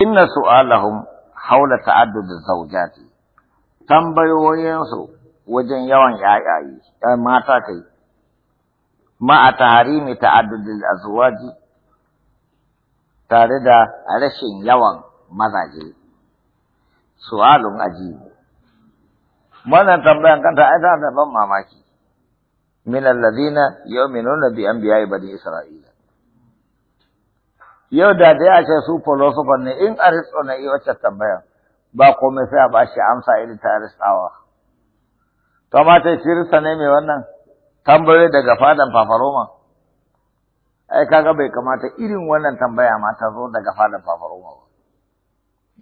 Kinna inna su'alahum haula ta'addud zawjati tambayoyinsu wajen yawan yayaye mata kai ma a taharimi ta'addud azwaji tare da rashin yawan mazaje su'alun ajibu wannan tambayan kanta ai da ban mamaki min alladhina yu'minuna bi anbiya'i bani isra'ila yau da da ya ce su philosopher ne in aristo na iya wacce tambaya ba komai sai a ba shi amsa irin ta aristawa to amma ta kirista ne mai wannan tambayoyi daga fadan fafaroma ai kaga bai kamata irin wannan tambaya ma ta zo daga fadan fafaroma ba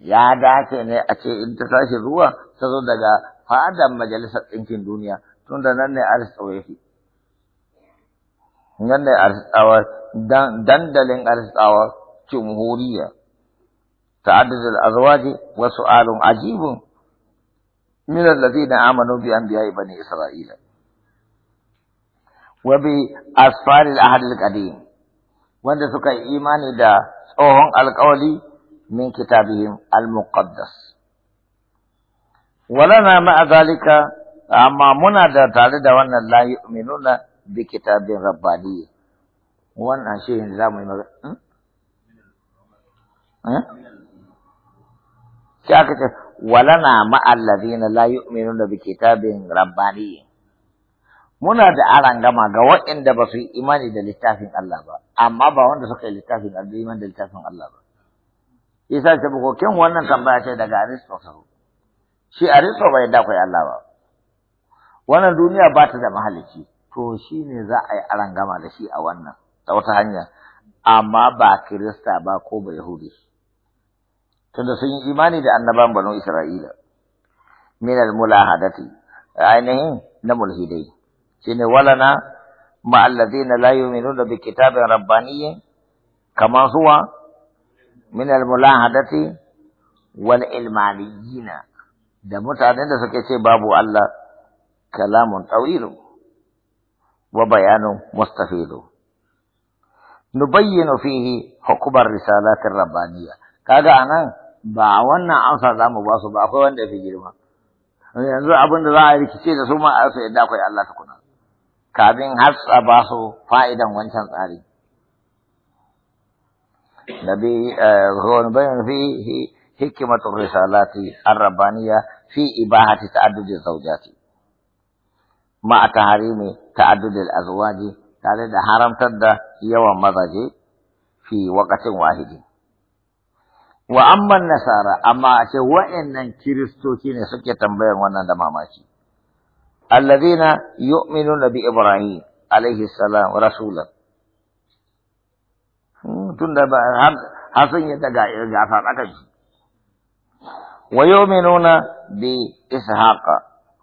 ya dace ne a ce in ta tashi ruwa ta zo daga fadan majalisar ɗinkin duniya tun da nan ne aristo fi. nan ne aristawa دندلين أرزاوة جمهورية تعدد الأزواج وسؤال عجيب من الذين آمنوا بأنبياء بني إسرائيل وبأسفار الأهل القديم وندسك إيمان دا صوهن القولي من كتابهم المقدس ولنا مع ذلك أما منا دا تعدد وأن لا يؤمنون بكتاب رباني wannan shi yanzu za mu yi magana hmm? eh? sai aka ce walana ma'allazina da bike ta bin rabbani muna da arangama ga waɗanda ba su yi imani da littafin Allah ba amma ba wanda suka yi littafin Allah imani da littafin Allah ba isa ce ko kin wannan tambaya ce daga Aristotle shi Aristo bai da kai Allah ba wannan duniya ba ta da mahalicci to shi ne za a yi arangama da shi a wannan ta wata hanya amma ba kirista ba ko ba yahudi tunda sun yi imani da annaban banu isra'ila min al-mulahadati ainihi na mulhidai shine walana ma alladhina la yu'minuna bi kitabin rabbaniyya kama huwa min al-mulahadati wal ilmaniyina da mutanen da suke ce babu Allah kalamun tawilun wa bayanun mustafidu nubayyinu fihi hukumar risalatin rabbaniya kaga anan ba wannan amsa za mu ba su ba akwai wanda fi girma yanzu abin da za a rikice da su ma a su yadda akwai Allah tukuna kafin har a ba su fa'idan wancan tsari nabi ruwan bayan fi hikimatun risalati ar-rabbaniya fi ibahati ta'addudi zawjati ma taharimi ta'addudi al-azwaji tare da haramtar da yawan mazaje fi wakacin wahidi. Wa amman nasara, amma a ce wa'yannan kiristoci ne suke tambayar wannan da mamaki. Allazina yu'minuna bi Ibrahim alaihi salam rasulan. Tun da har sun yi daga gafar aka ji. Wa yu'minuna bi Ishaqa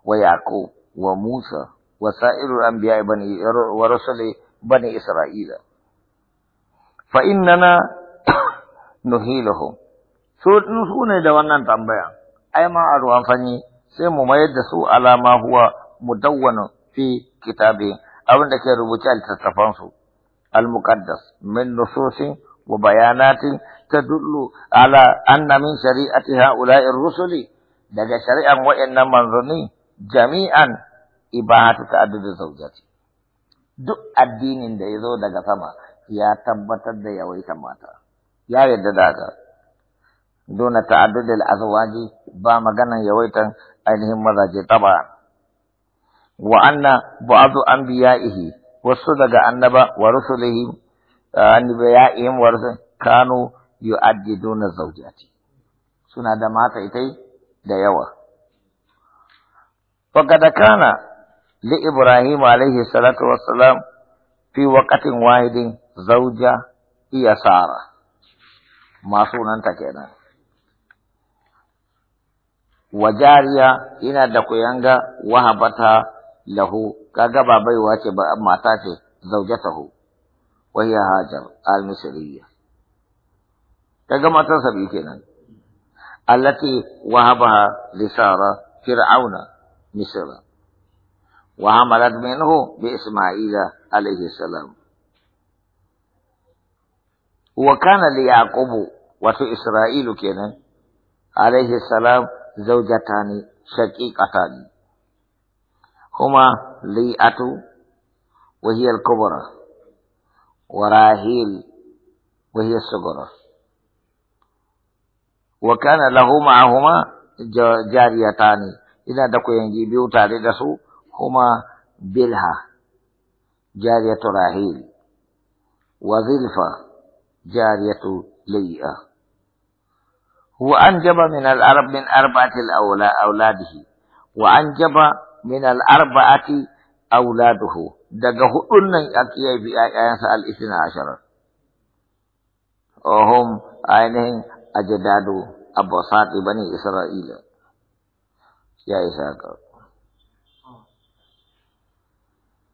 wa Yaqub wa Musa وسائر الأنبياء بني ورسل بني إسرائيل فإننا نهيلهم سنة دوانا تنبيا أي ما أروان فني سيمو ما يدسو على ما هو مدون في كتابه أو أنك ربوتي التتفانسو المقدس من نصوص وبيانات تدل على أن من شريعة هؤلاء الرسل daga shari'an wa'annan manzanni جميعا ibahatu ta'addudu zawjati duk addinin da ya zo daga sama ya tabbatar da yawaita mata ya yarda da haka dona ta'addudul azwaji ba maganan yawaitar ainihin mazaje taba wa anna ba'du anbiya'ihi wasu daga annaba wa rusulihi annabiya'ihim wa rusul kanu yu'addiduna zawjati suna da mata itai da yawa وقد كان li Ibrahim alaihi salatu wassalam fi waqatin wahidin zauja iya sara masu ta kenan wa jariya ina da kuyanga wahabata lahu kaga ba baiwa ce ba mata ce zaujatahu wa ya hajar al-misriyya kaga matar sabi kenan allati wahabaha li sara fir'auna misra وعملت منه بإسماعيل عليه السلام وكان ليعقوب وفي إسرائيل كان عليه السلام زوجتان شقيقتان هما ليئة وهي الكبرى وراهيل وهي الصغرى وكان له معهما جاريتان إذا دقوا ينجي بيوتا تاري هما بلها جارية راهيل وظلفة جارية ليئة وأنجب من الأرب من أربعة الأولاد أولاده وأنجب من الأربعة أولاده دقه أن أكيه بآيات الاثنى عشر وهم أينهم أجداد أبو بني إسرائيل يا إسرائيل